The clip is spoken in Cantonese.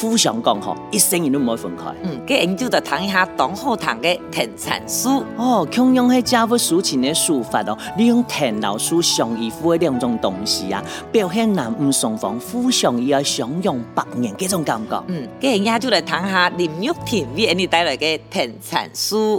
互相講嗬，一生人都唔會分開。嗯，今、這、日、個、就談一下董浩談嘅《藤纏樹》。哦，形容係江湖抒情嘅書法哦，利用老師上象牙斧兩種東西啊，表現男唔上訪、互相依賴、享用百年嘅種感覺。嗯，今、這、日、個、就來談下林鈺婷為你帶來嘅《藤纏樹》。